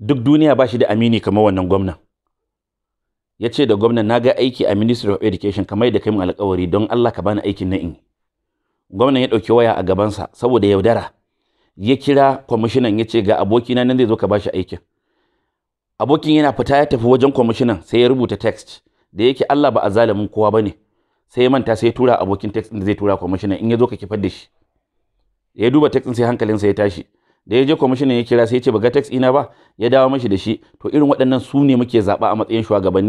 duk duniya ba shi da amini kamar wannan gwamnan ya ce da gwamnan na ga aiki a ministry of education kamar da kai min alkawari don Allah ka bani aikin na in gwamnan ya ɗauki waya a gabansa saboda yaudara ya kira kwamishinan ya ce ga abokina nan zai zo ka bashi aikin abokin yana fita ya tafi wajen kwamishinan sai ya rubuta text da yake Allah ba a zalimin kowa bane sai ya manta sai ya tura abokin text din da zai tura kwamishinan in ya zo ka kifar da shi ya duba text sai hankalinsa ya tashi da ya je kwamishinan ya kira sai ya ce ba ga tax ina ba ya dawo mashi da shi to irin waɗannan su ne muke zaɓa a matsayin shugabanni